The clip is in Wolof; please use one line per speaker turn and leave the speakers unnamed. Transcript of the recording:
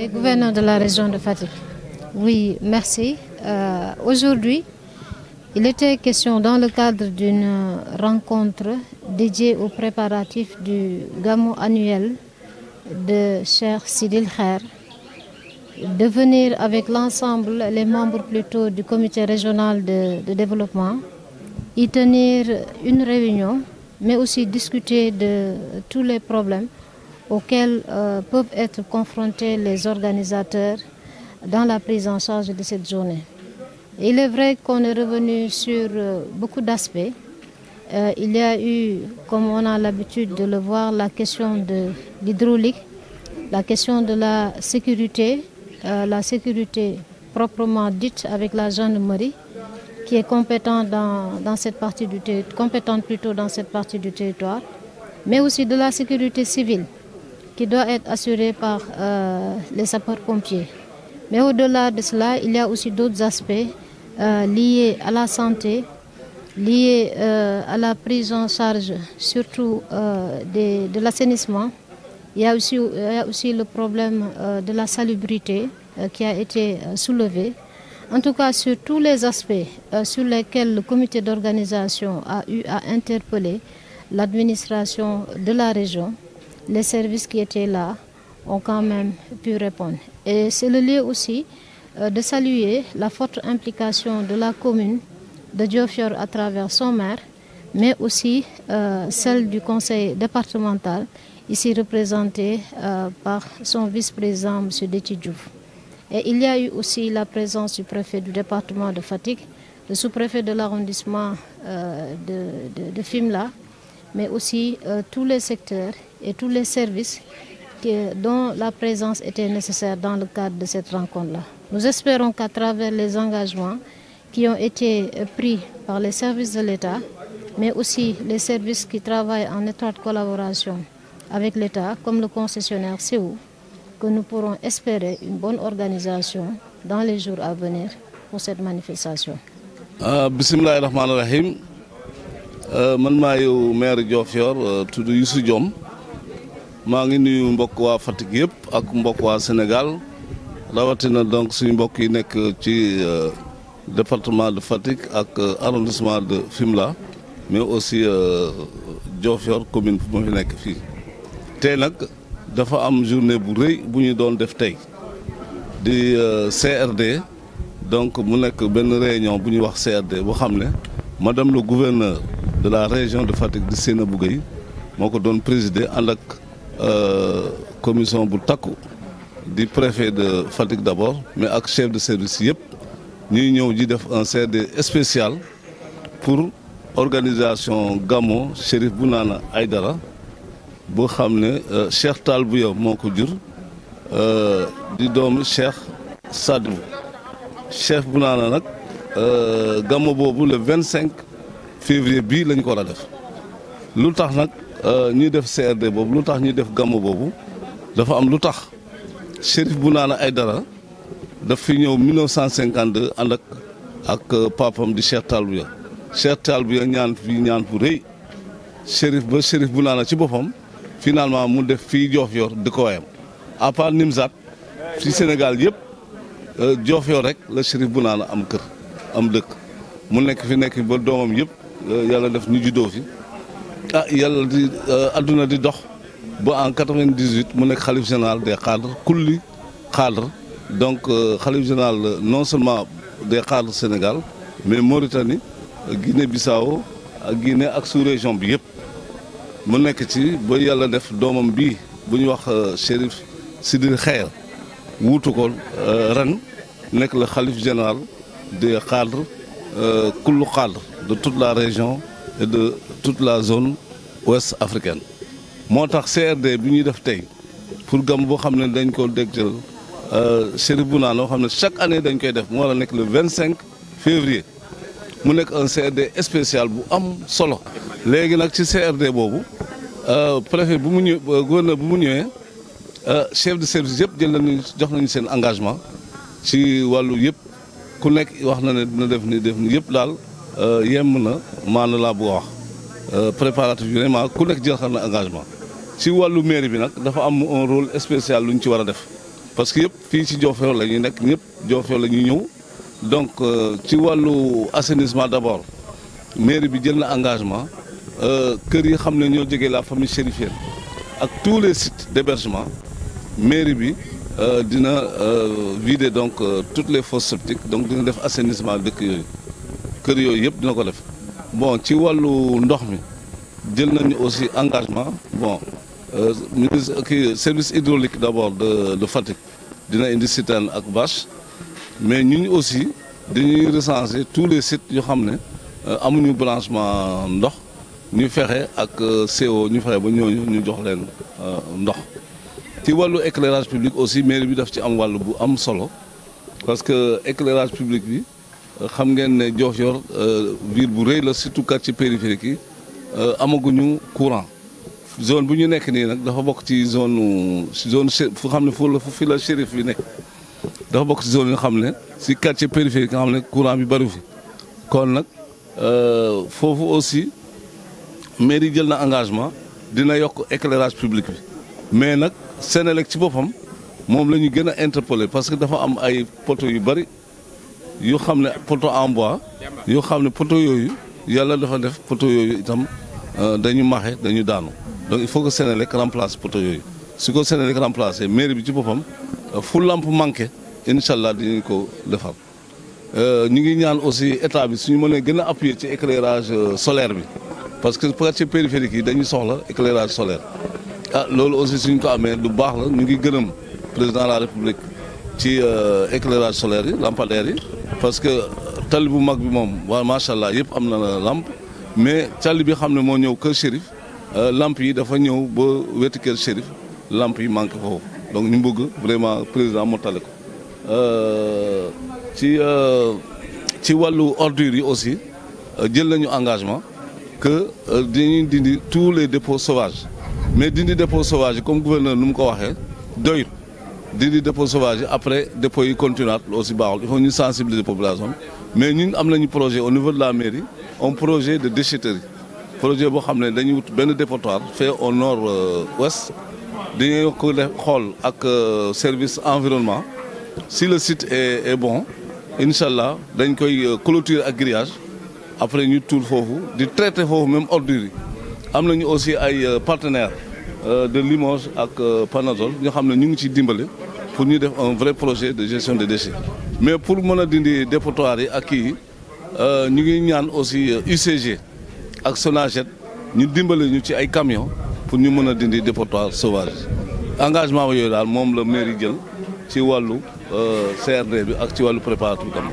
Et gouverneur de la région de Fatick. Oui, merci. Euh, aujourd'hui, il était question dans le cadre d'une rencontre dédiée aux préparatif du Gamou annuel de Cheikh Sidil Kher de venir avec l'ensemble, les membres plutôt du comité régional de, de développement, y tenir une réunion, mais aussi discuter de tous les problèmes auxquelles euh, peuvent être confrontés les organisateurs dans la prise en charge de cette journée. Il est vrai qu'on est revenu sur euh, beaucoup d'aspects. Euh, il y a eu, comme on a l'habitude de le voir, la question de l'hydraulique, la question de la sécurité, euh, la sécurité proprement dite avec la gendarmerie, qui est compétente dans, dans cette partie du compétente plutôt dans cette partie du territoire, mais aussi de la sécurité civile. qui doit être assurée par euh, les sapeurs-pompiers. Mais au-delà de cela, il y a aussi d'autres aspects euh, liés à la santé, liés euh, à la prise en charge, surtout euh, des, de l'assainissement. Il y, a aussi, il y a aussi le problème euh, de la salubrité euh, qui a été soulevé. En tout cas, sur tous les aspects sur lesquels le comité d'organisation a eu à interpeller l'administration de la région, les services qui étaient là ont quand même pu répondre. Et c'est le lieu aussi euh, de saluer la forte implication de la commune de Diofior à travers son maire, mais aussi euh, celle du conseil départemental, ici représenté euh, par son vice-président, M. Détidjouf. Et il y a eu aussi la présence du préfet du département de Fatigue, le sous-préfet de l'arrondissement euh, de, de, de Fimla, mais aussi euh, tous les secteurs et tous les services que, dont la présence était nécessaire dans le cadre de cette rencontre-là. Nous espérons qu'à travers les engagements qui ont été euh, pris par les services de l'État, mais aussi les services qui travaillent en étroite collaboration avec l'État, comme le concessionnaire CEU, que nous pourrons espérer une bonne organisation dans les jours à venir pour cette manifestation.
Euh, Bismillahirrahmanirrahim. Euh, man maayu maire Diofior euh, tudd Youssou Diom maa ngi nuyu mbokk waa Fatick yëpp ak mbokk waa Sénégal rawatina donc suñu mbokk yi nekk ci euh, département de Fatick ak arrondissement de Fimela mais aussi Diofior commune bu ma fi nekk fii tey nag dafa am journée bu rëy bu ñu doon def tey di CRD donc mu nekk benn réunion bu ñuy wax CRD boo xam ne madame le gouverneur de la région de Fatick di Seynabou Gueye moo ko doon présider ànd ak euh, commission bu takku di préfet de Fatick d'abord mais ak chef de service yëpp ñuy ñëw ji def un CRD spécial pour organisation Gamou Chérif Bounana Aïdara boo xam ne euh, Cheikh bu Bouya moo ko jur euh, di doomu Cheikh Sadibou Cheikh Bounana nag Gamou boobu le vingt cinq février bii lañ ko war a def lu tax nag euh, ñuy def CRD boobu lu tax ñuy def gàmmu boobu dafa am lu tax bu Chérif ay dara daf fi ñëw 1952 ànd ak ak euh, papam di Cheikh Talbiya Cheikh Talbiya ñaan fii ñaan bu rëy Chérif ba Chérif Bounana ci boppam finalement mu def fii Diofior di ko wayam à part Nimzat ci Sénégal yëpp euh, Diofior rek la Chérif Bounana am kër am dëkk mu nekk fi nekk ba doomam yëpp Euh, yàlla def ñu juddoo fi ah yàlla di euh, àdduna di dox ba en 98 mu nekk xalif général des cadres kulli cadre donc euh, xalif général non seulement de cadres Sénégal mais Mauritanie Guinée Bissau ak Guinée ak sous-région bi yëpp mu nekk ci ba yàlla def doomam bii bu ñu wax Chérif Sidil Khayr wuutu ko ren nekk la xalif général des cadres kullu cadre de toute la région et de toute la zone ouest africaine moo tax CRD bi ñuy def tey pour gam boo xam ne dañ ko dégtal Chérif Bouna loo xam ne chaque année dañ koy def mu war a nekk le 25 février mu nekk un CRD spécial bu am solo léegi nag ci CRD boobu euh, préfet bi mu ñëw euh, gouverneur bu mu ñëwee euh, chef de service yëpp jël nañu jox nañu seen engagement ci wàllu yëpp ku nekk wax na ne dina def ni def ni yëpp daal Euh, yemm na maanaam laa bëgg a wax euh, préparatif yu ne maa ku nekk jël xam na engagement ci wàllu mairie bi nag dafa am un rôle spécial lu ñu ci war a def parce que yëpp fii ci Diofior la ñuy nekk ñëpp Diofior la ñuy ñëw donc euh, ci wàllu assainissement d'abord mairie bi jël na engagement kër yi xam ne ñoo jege la famille chérifienne ak tous les sites d'hébergement mairie bi dina vider donc toutes les fosses septiques donc dina def assainissement dëkk yooyu kër yooyu yëpp dina ko def bon ci wàllu ndox mi jël nañu aussi engagement bon euh, ministre kii service hydraulique d'abord de de Fatick dina indi citerne ak bâche mais ñun aussi dañuy recenser tous les sites yoo xam ne euh, amuñu branchement ndox ñu fexe ak euh, CO ñu fexe ba ñooñu ñu jox leen ndox ci wàllu éclairage public aussi mairie bi daf ci am wàll bu am solo parce que éclairage publique bi xam ngeen ne Diofior biir euh, bu rëy la surtout quartier périphérique yi euh, amaguñu courant zone bu ñu nekk nii nag dafa bokk ci zone zone fu xam ne fu la fi la shérif bi nekk dafa bokk ci zone yoo xam ne si quartier périphérique nga xam ne courant bi bari fi kon nag euh, foofu aussi mais mairie jël na engagement dina yokk éclairage public bi mais nag Senelec ci boppam moom la ñu gën a interpoler parce que dafa am ay poteaux yu bari yoo xam ne poteau en bois yoo xam ne poto yooyu yàlla dafa def poto yooyu itam euh, dañu maxe dañu daanu donc il faut que Sénélec remplace poto yooyu su ko Sénélec remplacé maire bi ci boppam euh, fu lamp manqué incha allah dinañ ko defal euh, ñu ngi ñaan aussi état bi suñu mënee gën a appuyer ci éclairage solaire bi parce que quartier périphérique yi dañuy soxla éclairage solaire ah loolu aussi suñ ko amee du baax la ñu ngi gërëm président de la république ci éclairage solaire yi lampadaire yi parce que tali bu mag bi moom waa macha allah yëpp am na làmp mais tali bi xam ne moo ñëw kër Chérif euh, làmp yi dafa ñëw ba wetu kër Chérif làmp yi manqué foofu donc ñu bëgg vraiment président moo tale ko euh, ci euh, ci wàllu ordures yi aussi jël nañu engagement que dañuy dindi tous les dépôts sauvages mais dindi dépôts sauvages comme gouverneur nu mu ko waxee doyut dindi dépôt sauvage yi après dépôt yi continuer aussi baaxul il faut ñu sensibliser population mais ñun am nañu projet au niveau de la mairie un projet de déchetterie projet boo xam ne dañuy wut benn dépotoir fait au nord ouest dañuy ko xool ak euh, service environnement si le site est est bon incha allah dañ koy euh, clôture ak grillage après ñu tuur foofu di traité foofu même ordures yi am nañu aussi ay euh, partenaires. Euh, de Limoges ak euh, Panadol ñoo xam ne ñu ngi ci dimbali pour ñu def un vrai projet de gestion de déchets mais pour mën a dindi dépotoir yi ak kii euh, ñu ngi ñaan aussi UCG ak Sonaget ñu dimbale ñu ci ay camions pour ñu mën a dindi dépotoir sauvage engagement yooyu daal moom la mairie jël ci wàllu CRD
bi ak ci wàllu préparatoire